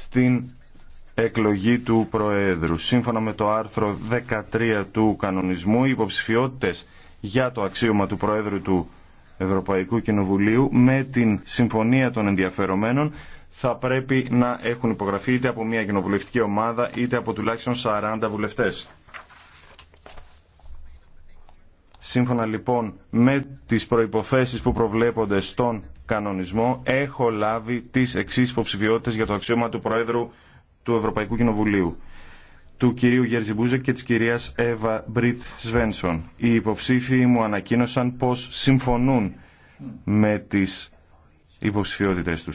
στην εκλογή του Προέδρου. Σύμφωνα με το άρθρο 13 του κανονισμού, οι υποψηφιότητες για το αξίωμα του Προέδρου του Ευρωπαϊκού Κοινοβουλίου με την συμφωνία των ενδιαφερομένων θα πρέπει να έχουν υπογραφεί είτε από μια κοινοβουλευτική ομάδα είτε από τουλάχιστον 40 βουλευτές. Σύμφωνα λοιπόν με τις προϋποθέσεις που προβλέπονται στον κανονισμό έχω λάβει τι εξή υποψηφιότητες για το αξίωμα του Προέδρου του Ευρωπαϊκού Κοινοβουλίου του κυρίου Γερζι και της κυρίας Εύα Μπριτ Σβένσον. Οι υποψήφοι μου ανακοίνωσαν πως συμφωνούν με τις υποψηφιότητες του.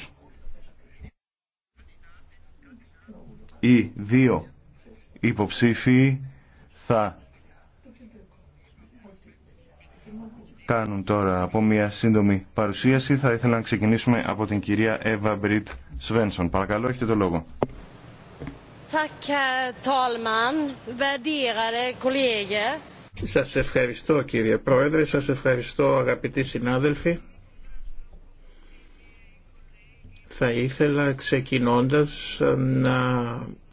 Οι δύο υποψήφοι θα κάνουν τώρα από μια σύντομη παρουσίαση. Θα ήθελα να ξεκινήσουμε από την κυρία Εύα Μπριτ Σβένσον. Παρακαλώ, έχετε το λόγο. Σας ευχαριστώ κύριε Πρόεδρε, σας ευχαριστώ αγαπητοί συνάδελφοι. Θα ήθελα ξεκινώντας να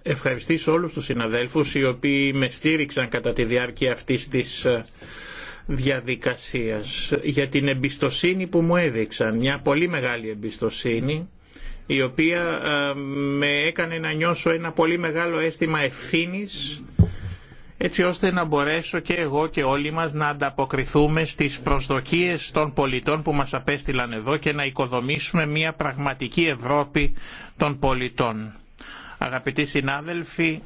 ευχαριστήσω όλους τους συναδέλφους οι οποίοι με στήριξαν κατά τη διάρκεια αυτής της ε, διαδικασίας για την εμπιστοσύνη που μου έδειξαν. Μια πολύ μεγάλη εμπιστοσύνη η οποία ε, με έκανε να νιώσω ένα πολύ μεγάλο αίσθημα ευθύνης έτσι ώστε να μπορέσω και εγώ και όλοι μας να ανταποκριθούμε στις προσδοκίες των πολιτών που μας απέστειλαν εδώ και να οικοδομήσουμε μια πραγματική Ευρώπη των πολιτών. Αγαπητοί συνάδελφοι,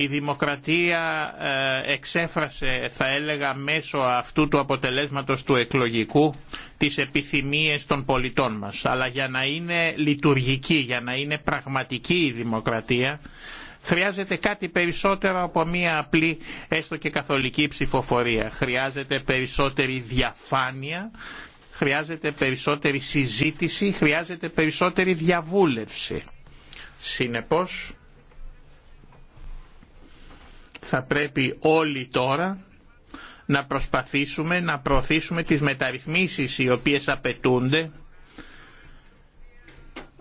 η δημοκρατία ε, εξέφρασε θα έλεγα μέσω αυτού του αποτελέσματος του εκλογικού τις επιθυμίες των πολιτών μας. Αλλά για να είναι λειτουργική, για να είναι πραγματική η δημοκρατία χρειάζεται κάτι περισσότερο από μία απλή έστω και καθολική ψηφοφορία. Χρειάζεται περισσότερη διαφάνεια, χρειάζεται περισσότερη συζήτηση, χρειάζεται περισσότερη διαβούλευση. Συνεπώς θα πρέπει όλοι τώρα να προσπαθήσουμε να προωθήσουμε τις μεταρρυθμίσεις οι οποίες απαιτούνται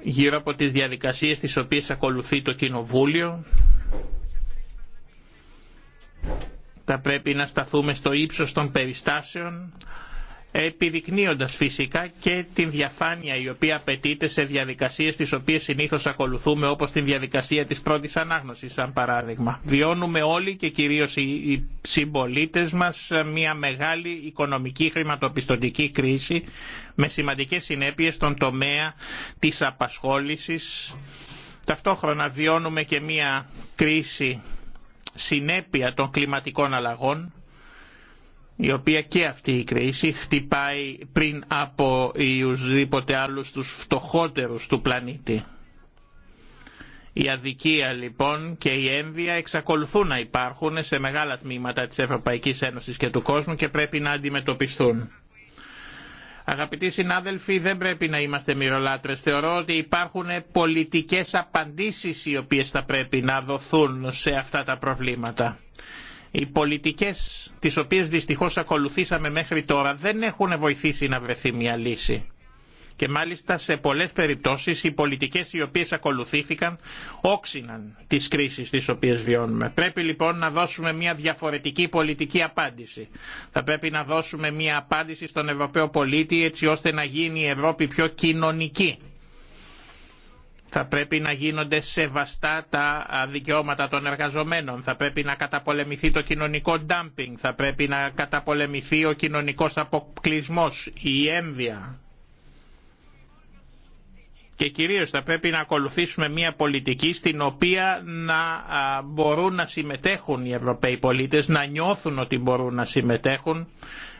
γύρω από τις διαδικασίες τις οποίες ακολουθεί το Κοινοβούλιο. Θα πρέπει να σταθούμε στο ύψος των περιστάσεων επιδεικνύοντας φυσικά και τη διαφάνεια η οποία απαιτείται σε διαδικασίες τις οποίες συνήθως ακολουθούμε όπως τη διαδικασία της πρώτης ανάγνωσης σαν παράδειγμα. Βιώνουμε όλοι και κυρίως οι συμπολίτε μας μια μεγάλη οικονομική χρηματοπιστωτική κρίση με σημαντικές συνέπειες στον τομέα της απασχόλησης. Ταυτόχρονα βιώνουμε και μια κρίση συνέπεια των κλιματικών αλλαγών η οποία και αυτή η κρίση χτυπάει πριν από ουσδήποτε άλλους τους φτωχότερους του πλανήτη. Η αδικία λοιπόν και η έμβια εξακολουθούν να υπάρχουν σε μεγάλα τμήματα της Ευρωπαϊκής Ένωσης και του κόσμου και πρέπει να αντιμετωπιστούν. Αγαπητοί συνάδελφοι, δεν πρέπει να είμαστε μυρολάτρες. Θεωρώ ότι υπάρχουν πολιτικές απαντήσεις οι οποίες θα πρέπει να δοθούν σε αυτά τα προβλήματα. Οι πολιτικές τις οποίες δυστυχώς ακολουθήσαμε μέχρι τώρα δεν έχουν βοηθήσει να βρεθεί μια λύση. Και μάλιστα σε πολλές περιπτώσεις οι πολιτικές οι οποίες ακολουθήθηκαν όξυναν τις κρίσεις τις οποίες βιώνουμε. Πρέπει λοιπόν να δώσουμε μια διαφορετική πολιτική απάντηση. Θα πρέπει να δώσουμε μια απάντηση στον Ευρωπαίο πολίτη έτσι ώστε να γίνει η Ευρώπη πιο κοινωνική θα πρέπει να γίνονται σεβαστά τα δικαιώματα των εργαζομένων, θα πρέπει να καταπολεμηθεί το κοινωνικό ντάμπινγκ, θα πρέπει να καταπολεμηθεί ο κοινωνικός αποκλεισμός, η έμβια. Και κυρίως θα πρέπει να ακολουθήσουμε μια πολιτική στην οποία να μπορούν να συμμετέχουν οι Ευρωπαίοι πολίτες, να νιώθουν ότι μπορούν να συμμετέχουν.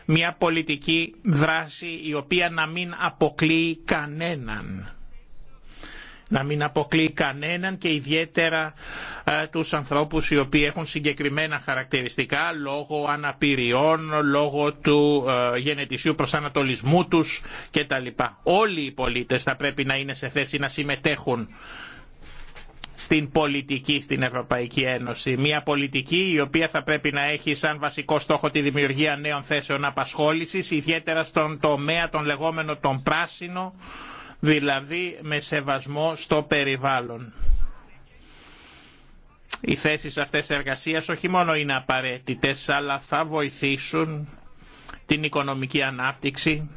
Μια πολιτική δράση η οποία να μην αποκλείει κανέναν να μην αποκλείει κανέναν και ιδιαίτερα ε, τους ανθρώπους οι οποίοι έχουν συγκεκριμένα χαρακτηριστικά λόγω αναπηριών, λόγω του ε, γενετησίου προσανατολισμού τους κτλ. Όλοι οι πολίτες θα πρέπει να είναι σε θέση να συμμετέχουν στην πολιτική στην Ευρωπαϊκή Ένωση. Μια πολιτική η οποία θα πρέπει να έχει σαν βασικό στόχο τη δημιουργία νέων θέσεων απασχόλησης, ιδιαίτερα στον τομέα των λεγόμενων των πράσινων, δηλαδή με σεβασμό στο περιβάλλον. Οι θέσεις αυτές εργασίας όχι μόνο είναι απαραίτητες, αλλά θα βοηθήσουν την οικονομική ανάπτυξη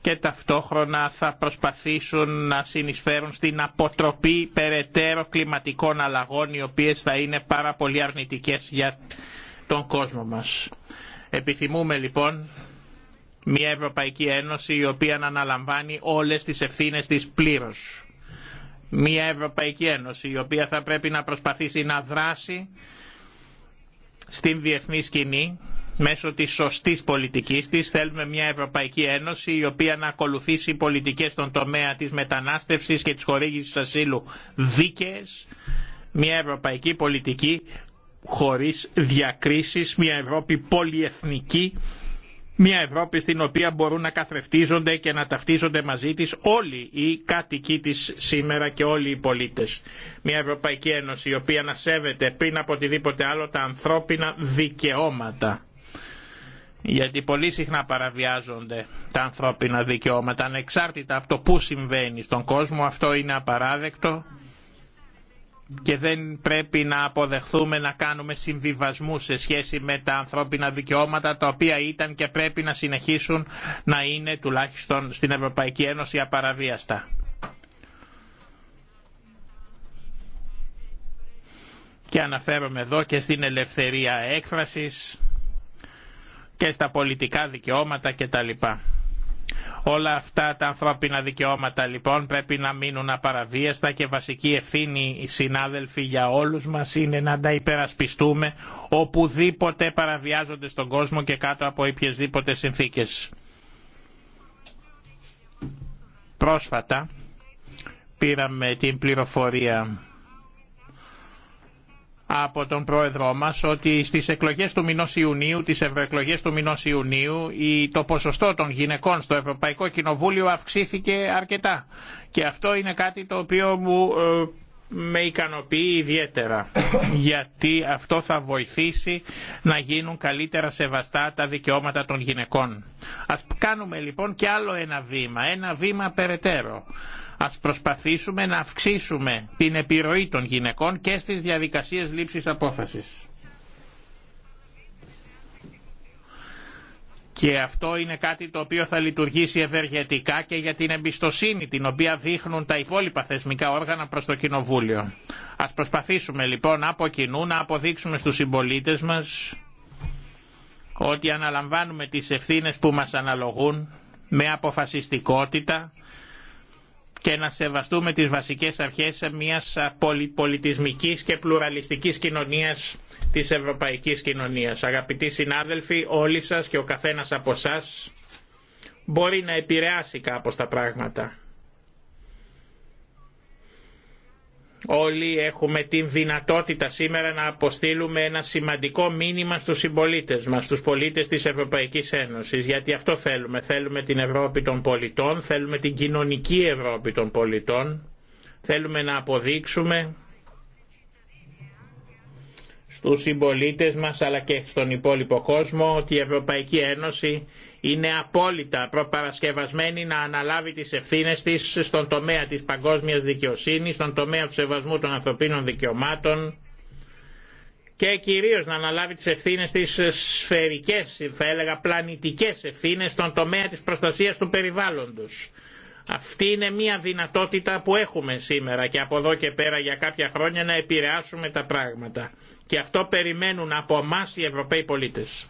και ταυτόχρονα θα προσπαθήσουν να συνεισφέρουν στην αποτροπή περαιτέρω κλιματικών αλλαγών οι οποίες θα είναι πάρα πολύ αρνητικές για τον κόσμο μας. Επιθυμούμε λοιπόν μια Ευρωπαϊκή Ένωση η οποία να αναλαμβάνει όλες τις ευθύνες της πλήρως. Μια Ευρωπαϊκή Ένωση η οποία θα πρέπει να προσπαθήσει να δράσει στην διεθνή σκηνή μέσω της σωστής πολιτικής της. Θέλουμε μια Ευρωπαϊκή Ένωση η οποία να ακολουθήσει πολιτικές στον τομέα της μετανάστευσης και της χορήγησης ασύλου δίκαιες. Μια ευρωπαϊκή πολιτική χωρίς διακρίσεις, μια Ευρώπη πολυεθνική μια Ευρώπη στην οποία μπορούν να καθρεφτίζονται και να ταυτίζονται μαζί της όλοι οι κάτοικοι της σήμερα και όλοι οι πολίτες. Μια Ευρωπαϊκή Ένωση η οποία να σέβεται πριν από οτιδήποτε άλλο τα ανθρώπινα δικαιώματα γιατί πολύ συχνά παραβιάζονται τα ανθρώπινα δικαιώματα ανεξάρτητα από το που συμβαίνει στον κόσμο αυτό είναι απαράδεκτο και δεν πρέπει να αποδεχθούμε να κάνουμε συμβιβασμού σε σχέση με τα ανθρώπινα δικαιώματα τα οποία ήταν και πρέπει να συνεχίσουν να είναι τουλάχιστον στην Ευρωπαϊκή Ένωση απαραβίαστα. Και αναφέρομαι εδώ και στην ελευθερία έκφρασης και στα πολιτικά δικαιώματα κτλ. Όλα αυτά τα ανθρώπινα δικαιώματα λοιπόν πρέπει να μείνουν απαραβίαστα και βασική ευθύνη συνάδελφοι για όλους μας είναι να τα υπερασπιστούμε οπουδήποτε παραβιάζονται στον κόσμο και κάτω από οποιασδήποτε συνθήκες. Πρόσφατα πήραμε την πληροφορία από τον πρόεδρό μας ότι στις εκλογές του μηνός Ιουνίου, τις ευρωεκλογές του μηνός Ιουνίου, το ποσοστό των γυναικών στο Ευρωπαϊκό Κοινοβούλιο αυξήθηκε αρκετά. Και αυτό είναι κάτι το οποίο μου ε, με ικανοποιεί ιδιαίτερα γιατί αυτό θα βοηθήσει να γίνουν καλύτερα σεβαστά τα δικαιώματα των γυναικών. Ας κάνουμε λοιπόν και άλλο ένα βήμα, ένα βήμα περαιτέρω. Ας προσπαθήσουμε να αυξήσουμε την επιρροή των γυναικών και στις διαδικασίες λήψης απόφασης. Και αυτό είναι κάτι το οποίο θα λειτουργήσει ευεργετικά και για την εμπιστοσύνη την οποία δείχνουν τα υπόλοιπα θεσμικά όργανα προς το Κοινοβούλιο. Ας προσπαθήσουμε λοιπόν από κοινού να αποδείξουμε στους συμπολίτε μας ότι αναλαμβάνουμε τις ευθύνες που μας αναλογούν με αποφασιστικότητα και να σεβαστούμε τις βασικές αρχές μιας πολυπολιτισμικής και πλουραλιστικής κοινωνίας της ευρωπαϊκής κοινωνίας. Αγαπητοί συνάδελφοι, όλοι σας και ο καθένας από εσά μπορεί να επηρεάσει κάπως τα πράγματα. Όλοι έχουμε την δυνατότητα σήμερα να αποστείλουμε ένα σημαντικό μήνυμα στους συμπολίτες μας, στους πολίτες της Ευρωπαϊκής Ένωσης, γιατί αυτό θέλουμε. Θέλουμε την Ευρώπη των πολιτών, θέλουμε την κοινωνική Ευρώπη των πολιτών, θέλουμε να αποδείξουμε στους συμπολίτε μας αλλά και στον υπόλοιπο κόσμο ότι η Ευρωπαϊκή Ένωση είναι απόλυτα προπαρασκευασμένη να αναλάβει τις ευθύνες της στον τομέα της παγκόσμιας δικαιοσύνης, στον τομέα του σεβασμού των ανθρωπίνων δικαιωμάτων και κυρίως να αναλάβει τις ευθύνες της σφαιρικές, θα έλεγα πλανητικές ευθύνες στον τομέα της προστασίας του περιβάλλοντος. Αυτή είναι μια δυνατότητα που έχουμε σήμερα και από εδώ και πέρα για κάποια χρόνια να επηρεάσουμε τα πράγματα. Και αυτό περιμένουν από εμά οι Ευρωπαίοι πολίτες.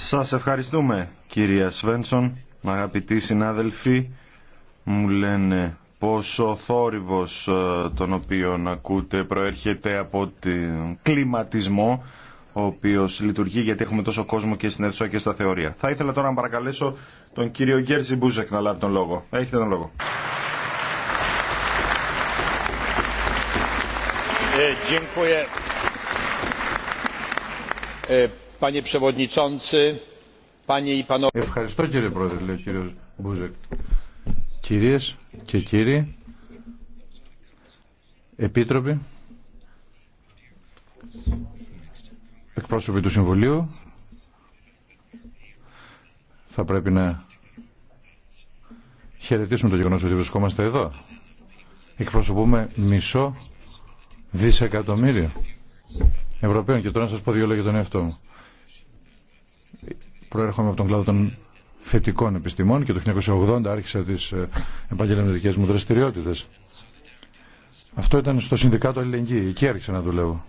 Σας ευχαριστούμε κυρία Σβένσον, αγαπητοί συνάδελφοι. Μου λένε πως ο θόρυβος ε, τον οποίο ακούτε προέρχεται από τον κλιματισμό ο οποίο λειτουργεί γιατί έχουμε τόσο κόσμο και στην αίθουσα και στα θεωρία. Θα ήθελα τώρα να παρακαλέσω τον κύριο Γκέρζι Μπούζεκ να λάβει τον λόγο. Έχετε τον λόγο. Ε, ε, Ευχαριστώ κύριε Πρόεδρε, λέει ο κύριος Μπούζεκ. Κυρίε και κύριοι, Επίτροποι, εκπρόσωποι του Συμβουλίου θα πρέπει να χαιρετήσουμε το γεγονός ότι βρισκόμαστε εδώ. Εκπροσωπούμε μισό δισεκατομμύριο Ευρωπαίων και τώρα να σας πω δύο λόγια τον εαυτό μου. Προέρχομαι από τον κλάδο των θετικών επιστημών και το 1980 άρχισα τις ε, επαγγελματικές μου δραστηριότητες. Αυτό ήταν στο Συνδικάτο Αλληλεγγύη. Εκεί άρχισα να δουλεύω.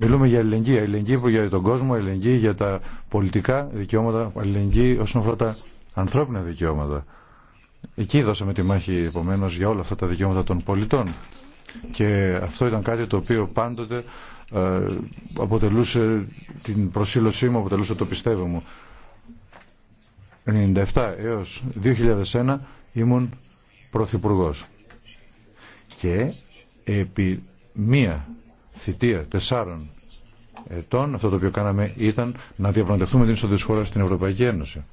Μιλούμε για αλληλεγγύη. Αλληλεγγύη για τον κόσμο, αλληλεγγύη για τα πολιτικά δικαιώματα, αλληλεγγύη όσον αφορά τα ανθρώπινα δικαιώματα. Εκεί δώσαμε τη μάχη επομένω για όλα αυτά τα δικαιώματα των πολιτών. Και αυτό ήταν κάτι το οποίο πάντοτε ε, αποτελούσε την προσήλωσή μου, αποτελούσε το πιστεύω μου. 97 έως 2001 ήμουν πρωθυπουργός. Και επί μία θητεία τεσσάρων ετών, αυτό το οποίο κάναμε ήταν να διαπραγματευτούμε την ισότητα τη χώρα στην Ευρωπαϊκή Ένωση.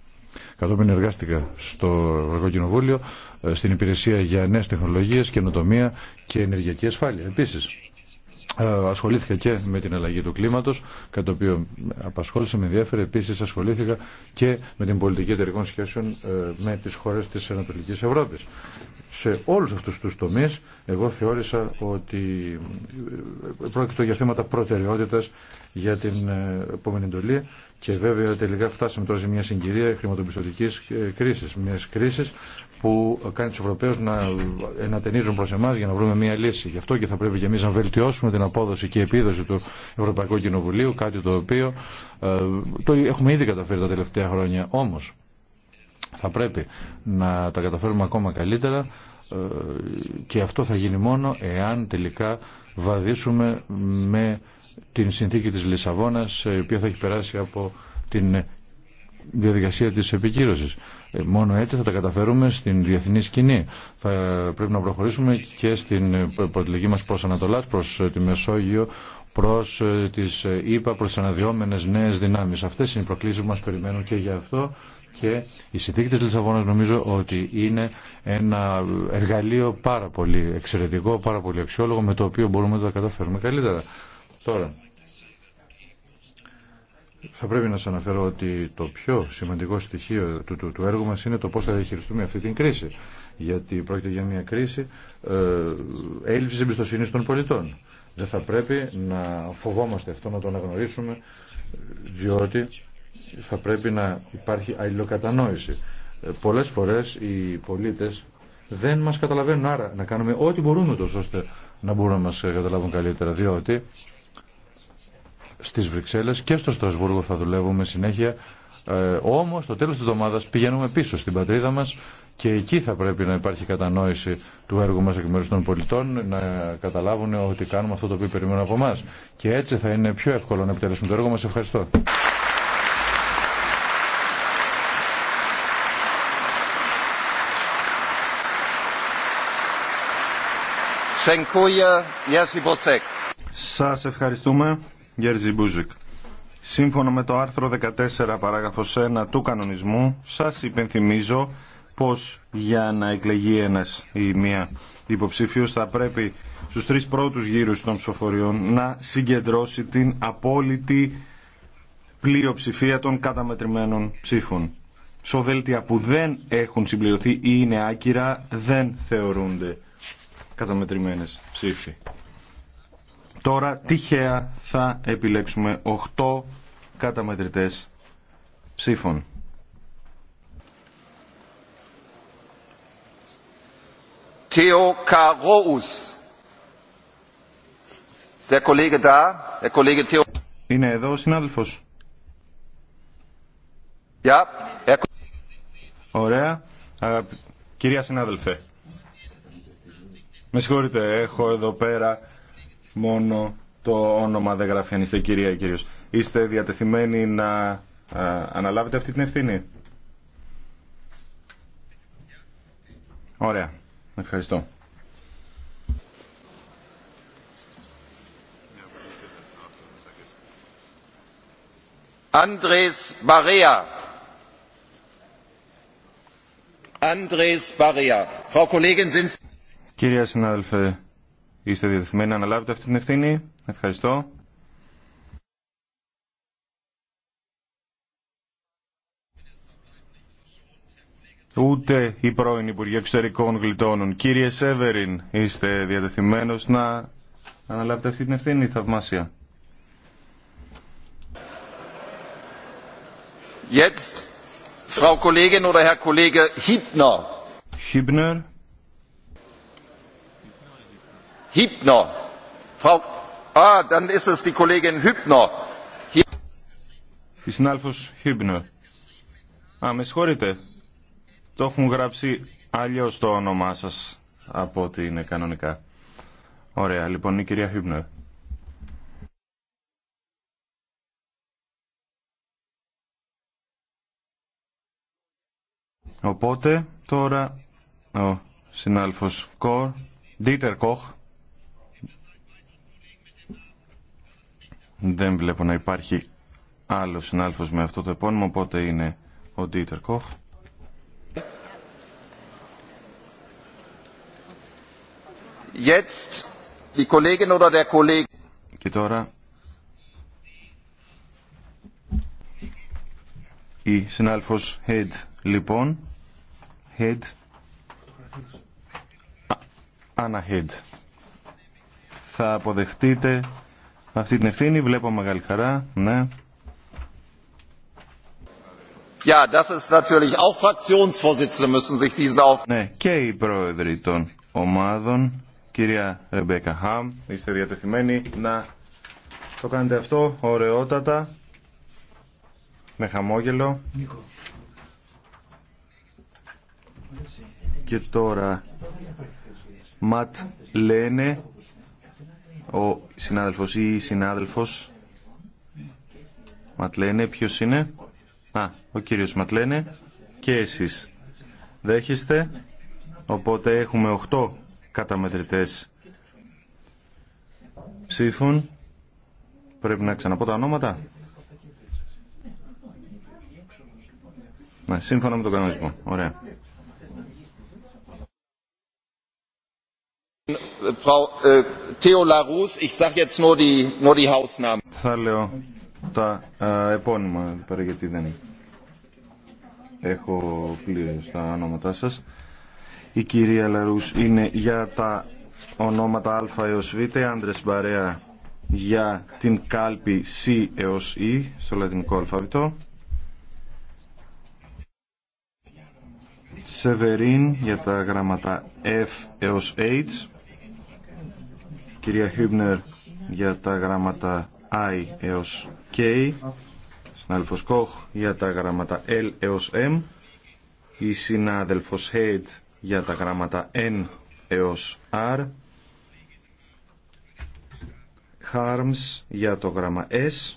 Κατόπιν εργάστηκα στο Ευρωπαϊκό Κοινοβούλιο ε, στην υπηρεσία για νέε τεχνολογίε, καινοτομία και ενεργειακή ασφάλεια. Επίση, ε, ασχολήθηκα και με την αλλαγή του κλίματος, κατά το οποίο απασχόλησε, με ενδιαφέρει. Επίσης ασχολήθηκα και με την πολιτική εταιρικών σχέσεων ε, με τις χώρες της Ανατολικής Ευρώπη. Σε όλους αυτούς τους τομείς εγώ θεώρησα ότι ε, πρόκειται για θέματα προτεραιότητα για την επόμενη εντολή και βέβαια τελικά φτάσαμε τώρα σε μια συγκυρία χρηματοπιστωτική κρίση, μια κρίση που κάνει του Ευρωπαίου να ενατενίζουν προ εμά για να βρούμε μια λύση. Γι' αυτό και θα πρέπει και εμεί να βελτιώσουμε την απόδοση και επίδοση του Ευρωπαϊκού Κοινοβουλίου, κάτι το οποίο ε, το έχουμε ήδη καταφέρει τα τελευταία χρόνια. Όμω θα πρέπει να τα καταφέρουμε ακόμα καλύτερα ε, και αυτό θα γίνει μόνο εάν τελικά βαδίσουμε με την συνθήκη της Λισαβόνας η οποία θα έχει περάσει από την διαδικασία της επικύρωσης. Ε, μόνο έτσι θα τα καταφέρουμε στην διεθνή σκηνή. Θα πρέπει να προχωρήσουμε και στην ε, πολιτική μας προς Ανατολάς, προς ε, τη Μεσόγειο, προς τις ΕΠΑ, προς τις αναδυόμενες νέες δυνάμεις. Αυτές είναι οι προκλήσεις που μας περιμένουν και γι' αυτό και η συνθήκη της Λισαβόνας νομίζω ότι είναι ένα εργαλείο πάρα πολύ εξαιρετικό, πάρα πολύ αξιόλογο με το οποίο μπορούμε να τα καταφέρουμε καλύτερα. Τώρα, θα πρέπει να σα αναφέρω ότι το πιο σημαντικό στοιχείο του, του, του έργου μας είναι το πώς θα διαχειριστούμε αυτή την κρίση. Γιατί πρόκειται για μια κρίση ε, έλλειψης εμπιστοσύνης των πολιτών. Δεν θα πρέπει να φοβόμαστε αυτό, να το αναγνωρίσουμε, διότι θα πρέπει να υπάρχει αλληλοκατανόηση. Ε, πολλές φορές οι πολίτες δεν μας καταλαβαίνουν, άρα να κάνουμε ό,τι μπορούμε τόσο ώστε να μπορούν να μας καταλάβουν καλύτερα, διότι στις Βρυξέλλες και στο Στρασβούργο θα δουλεύουμε συνέχεια. Ε, όμως το τέλος της εβδομάδας πηγαίνουμε πίσω στην πατρίδα μας και εκεί θα πρέπει να υπάρχει κατανόηση του έργου μας εκ μέρους των πολιτών να καταλάβουν ότι κάνουμε αυτό το οποίο περιμένουν από εμά. Και έτσι θα είναι πιο εύκολο να επιτελέσουμε το έργο μας. Ευχαριστώ. Σας ευχαριστούμε. Γκέρζι Μπούζικ. Σύμφωνα με το άρθρο 14 παράγραφος 1 του κανονισμού, σας υπενθυμίζω πως για να εκλεγεί ένας ή μία υποψήφιος θα πρέπει στους τρεις πρώτους γύρους των ψηφοφοριών να συγκεντρώσει την απόλυτη πλειοψηφία των καταμετρημένων ψήφων. Σοβέλτια που δεν έχουν συμπληρωθεί ή είναι άκυρα δεν θεωρούνται καταμετρημένες ψήφοι. Τώρα τυχαία θα επιλέξουμε 8 καταμετρητές ψήφων. Theo Karous. Der Kollege da, der Kollege Theo. Είναι εδώ ο συνάδελφος. Ja, Herr... Ωραία. Κυρία συνάδελφε, με συγχωρείτε, έχω εδώ πέρα μόνο το όνομα δεν γράφει αν είστε κυρία ή κύριος. Είστε διατεθειμένοι να αναλάβετε αυτή την ευθύνη. Ωραία. Ευχαριστώ. Andres Barea. Andres Barea. Frau Kollegin, sind Sie... Κυρία συνάδελφε, Είστε διατεθειμένοι να αναλάβετε αυτή την ευθύνη. Ευχαριστώ. Ούτε η πρώην Υπουργοί Εξωτερικών γλιτώνουν. Κύριε Σέβεριν, είστε διατεθειμένος να αναλάβετε αυτή την ευθύνη, θαυμάσια. Jetzt, Frau Kollegin oder Herr Kollege Hübner. Hübner. Hübner. Frau, ah, dann Η συνάλφος Χίμπνερ. Α, με συγχωρείτε. Το έχουν γράψει αλλιώ το όνομά σας από ότι είναι κανονικά. Ωραία, λοιπόν, η κυρία Χίμπνερ. Οπότε τώρα ο συνάλφος Κορ, Δίτερ Κοχ... Δεν βλέπω να υπάρχει άλλο συνάλφος με αυτό το επώνυμο, οπότε είναι ο Ντίτερ Κοχ. Και τώρα η συνάλφος Head λοιπόν. Head. Ανά Head. Θα αποδεχτείτε αυτή την ευθύνη. Βλέπω μεγάλη χαρά. Ναι. Ja, Ναι, και οι πρόεδροι των ομάδων, κυρία Ρεμπέκα Χαμ, είστε διατεθειμένοι να το κάνετε αυτό ωραιότατα, με χαμόγελο. Και τώρα, Ματ λένε ο συνάδελφος ή η συνάδελφος Ματλένε, ποιος είναι Α, ο κύριος Ματλένε και εσείς δέχεστε οπότε έχουμε 8 καταμετρητές ψήφων πρέπει να ξαναπώ τα ονόματα ναι, σύμφωνα με τον κανονισμό ωραία Θα λέω τα ε, επώνυμα, πέρα γιατί δεν έχω πλήρω τα ονόματά σας. Η κυρία Λαρούς είναι για τα ονόματα Α έως Β, Μπαρέα για την κάλπη C έω E στο λατινικό αλφαβητό. Σεβερίν για τα γράμματα F έω H κυρία Χίμπνερ για τα γράμματα I έως K, συνάδελφο Κόχ για τα γράμματα L έως M, η συνάδελφος Χέιτ για τα γράμματα N έως R, Harms για το γράμμα S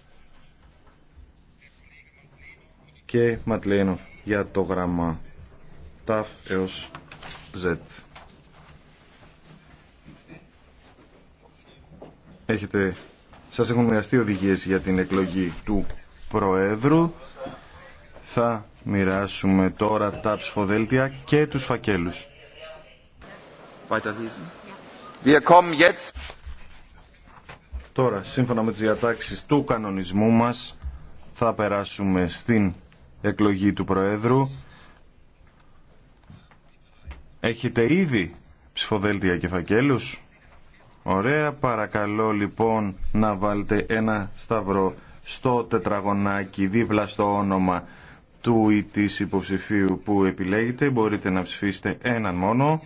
και Ματλένο για το γράμμα TAF έως Z. έχετε, σας έχουν μοιραστεί οδηγίες για την εκλογή του Προέδρου. Θα μοιράσουμε τώρα τα ψηφοδέλτια και τους φακέλους. Τώρα, σύμφωνα με τις διατάξεις του κανονισμού μας, θα περάσουμε στην εκλογή του Προέδρου. Έχετε ήδη ψηφοδέλτια και φακέλους. Ωραία, παρακαλώ λοιπόν να βάλετε ένα σταυρό στο τετραγωνάκι δίπλα στο όνομα του ή της υποψηφίου που επιλέγετε. Μπορείτε να ψηφίσετε έναν μόνο.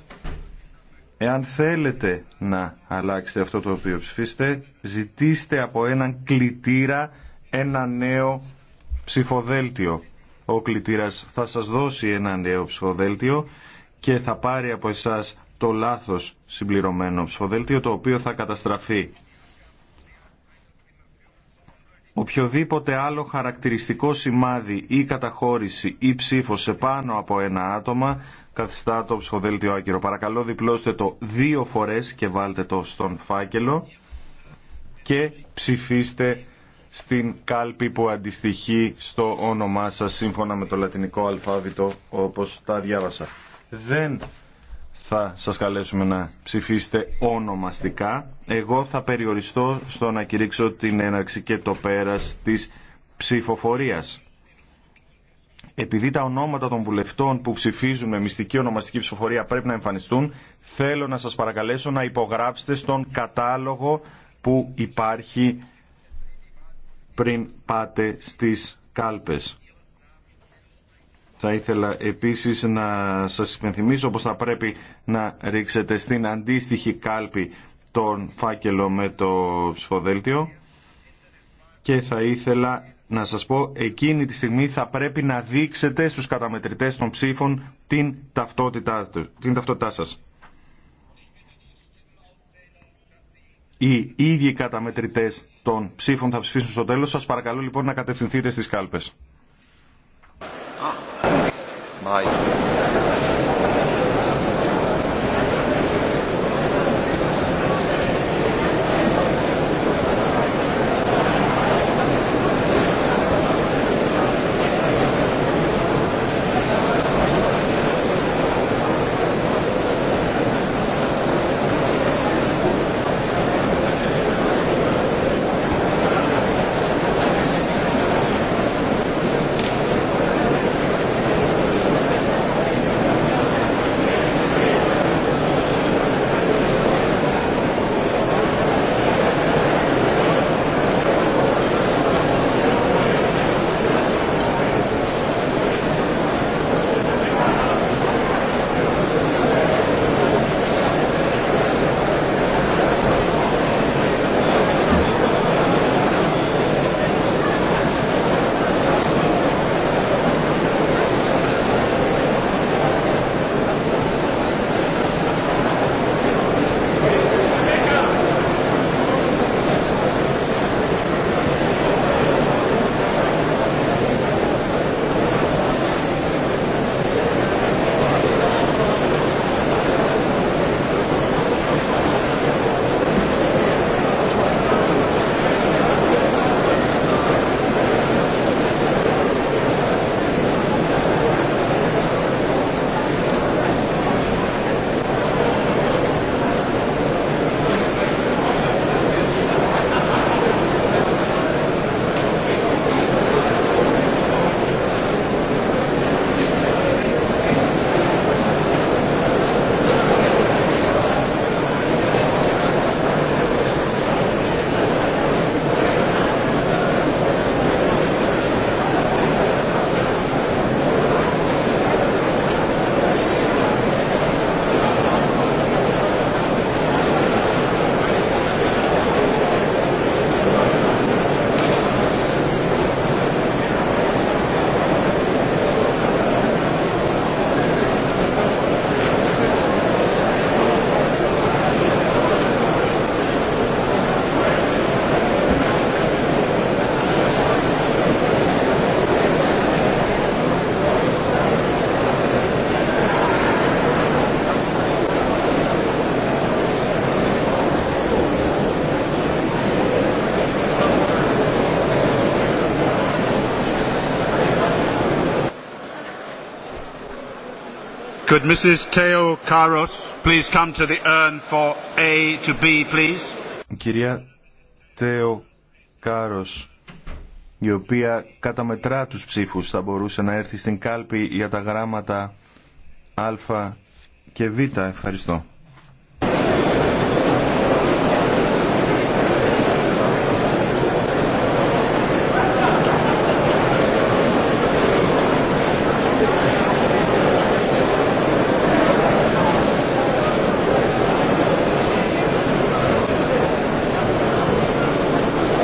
Εάν θέλετε να αλλάξετε αυτό το οποίο ψηφίσετε, ζητήστε από έναν κλητήρα ένα νέο ψηφοδέλτιο. Ο κλητήρας θα σας δώσει ένα νέο ψηφοδέλτιο και θα πάρει από εσάς το λάθος συμπληρωμένο ψηφοδέλτιο το οποίο θα καταστραφεί. Οποιοδήποτε άλλο χαρακτηριστικό σημάδι ή καταχώρηση ή ψήφος σε πάνω από ένα άτομα καθιστά το ψηφοδέλτιο άκυρο. Παρακαλώ διπλώστε το δύο φορές και βάλτε το στον φάκελο και ψηφίστε στην κάλπη που αντιστοιχεί στο όνομά σας σύμφωνα με το λατινικό αλφάβητο όπως τα διάβασα. Δεν θα σας καλέσουμε να ψηφίσετε ονομαστικά. Εγώ θα περιοριστώ στο να κηρύξω την έναρξη και το πέρας της ψηφοφορίας. Επειδή τα ονόματα των βουλευτών που ψηφίζουν με μυστική ονομαστική ψηφοφορία πρέπει να εμφανιστούν, θέλω να σας παρακαλέσω να υπογράψετε στον κατάλογο που υπάρχει πριν πάτε στις κάλπες. Θα ήθελα επίσης να σας υπενθυμίσω πως θα πρέπει να ρίξετε στην αντίστοιχη κάλπη τον φάκελο με το ψηφοδέλτιο και θα ήθελα να σας πω εκείνη τη στιγμή θα πρέπει να δείξετε στους καταμετρητές των ψήφων την ταυτότητά, την ταυτότητά σας. Οι ίδιοι καταμετρητές των ψήφων θα ψηφίσουν στο τέλος. Σας παρακαλώ λοιπόν να κατευθυνθείτε στις κάλπες my Could to the for A to B, please? Κυρία Τέο Κάρος, η οποία καταμετρά τους ψήφους θα μπορούσε να έρθει στην κάλπη για τα γράμματα Α και Β. Ευχαριστώ.